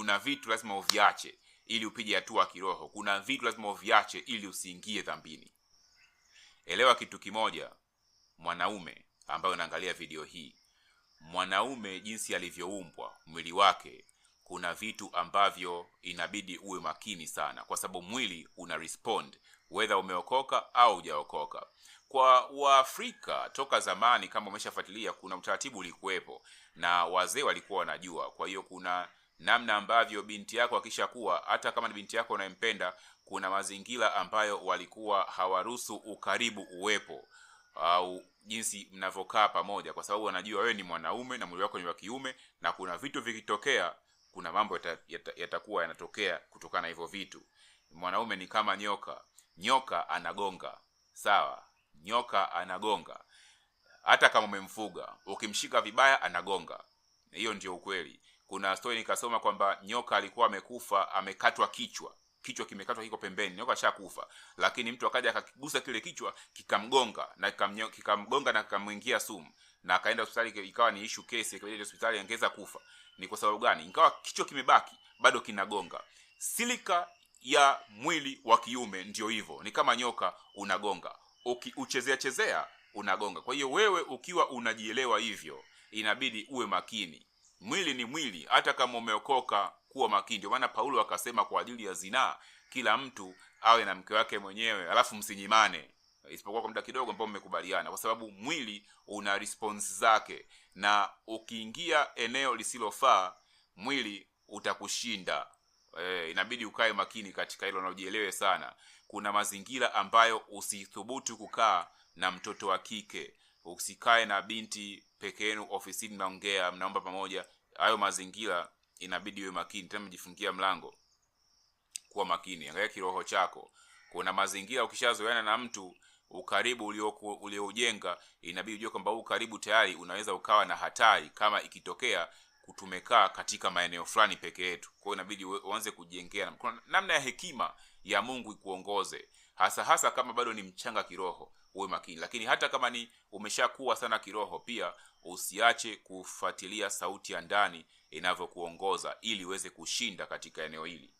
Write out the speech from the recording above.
kuna vitu lazima uviache ili upige hatua kiroho. Kuna vitu lazima uviache ili usiingie dhambini. Elewa kitu kimoja, mwanaume ambaye unaangalia video hii, mwanaume jinsi alivyoumbwa mwili wake, kuna vitu ambavyo inabidi uwe makini sana, kwa sababu mwili una respond wedha umeokoka au ujaokoka Kwa Waafrika toka zamani, kama umeshafuatilia, kuna utaratibu ulikuwepo na wazee walikuwa wanajua. Kwa hiyo kuna namna ambavyo binti yako akishakuwa, hata kama ni binti yako unayempenda, kuna mazingira ambayo walikuwa hawaruhusu ukaribu uwepo au jinsi mnavyokaa pamoja, kwa sababu wanajua wewe ni mwanaume na mwili wako ni wa kiume, na kuna vitu vikitokea, kuna mambo yatakuwa yata, yata yanatokea kutokana na hivyo vitu. Mwanaume ni kama nyoka, nyoka anagonga, sawa? Nyoka anagonga hata kama umemfuga, ukimshika vibaya anagonga. Hiyo ndio ukweli kuna story nikasoma kwamba nyoka alikuwa amekufa amekatwa kichwa kichwa kimekatwa kiko pembeni nyoka shakufa lakini mtu akaja akakigusa kile kichwa kikamgonga na kikamgonga na kikamwingia sumu na akaenda hospitali ikawa ni issue case ikabidi hospitali angeza kufa ni kwa sababu gani ingawa kichwa kimebaki bado kinagonga silika ya mwili wa kiume ndio hivyo ni kama nyoka unagonga ukiuchezea chezea unagonga kwa hiyo wewe ukiwa unajielewa hivyo inabidi uwe makini Mwili ni mwili, hata kama umeokoka, kuwa makini. Ndio maana Paulo akasema kwa ajili ya zinaa kila mtu awe na mke wake mwenyewe, alafu msinyimane, isipokuwa kwa muda kidogo ambao mmekubaliana, kwa sababu mwili una response zake, na ukiingia eneo lisilofaa mwili utakushinda. E, inabidi ukae makini katika hilo na ujielewe sana. Kuna mazingira ambayo usithubutu kukaa na mtoto wa kike usikae na binti peke yenu ofisini, mnaongea mnaomba pamoja. Hayo mazingira inabidi uwe makini, tena mjifungia mlango. Kuwa makini, angalia kiroho chako. Kuna mazingira ukishazoeana na mtu, ukaribu ulioujenga inabidi ujue kwamba huu karibu tayari unaweza ukawa na hatari kama ikitokea tumekaa katika maeneo fulani peke yetu. kwao inabidi uanze kujengea namna ya hekima ya Mungu ikuongoze hasa hasa kama bado ni mchanga kiroho, uwe makini. Lakini hata kama ni umeshakuwa sana kiroho, pia usiache kufuatilia sauti ya ndani inavyokuongoza, ili uweze kushinda katika eneo hili.